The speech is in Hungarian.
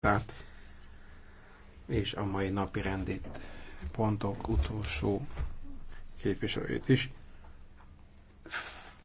tehát és a mai napi rendi pontok utolsó képviselőjét is.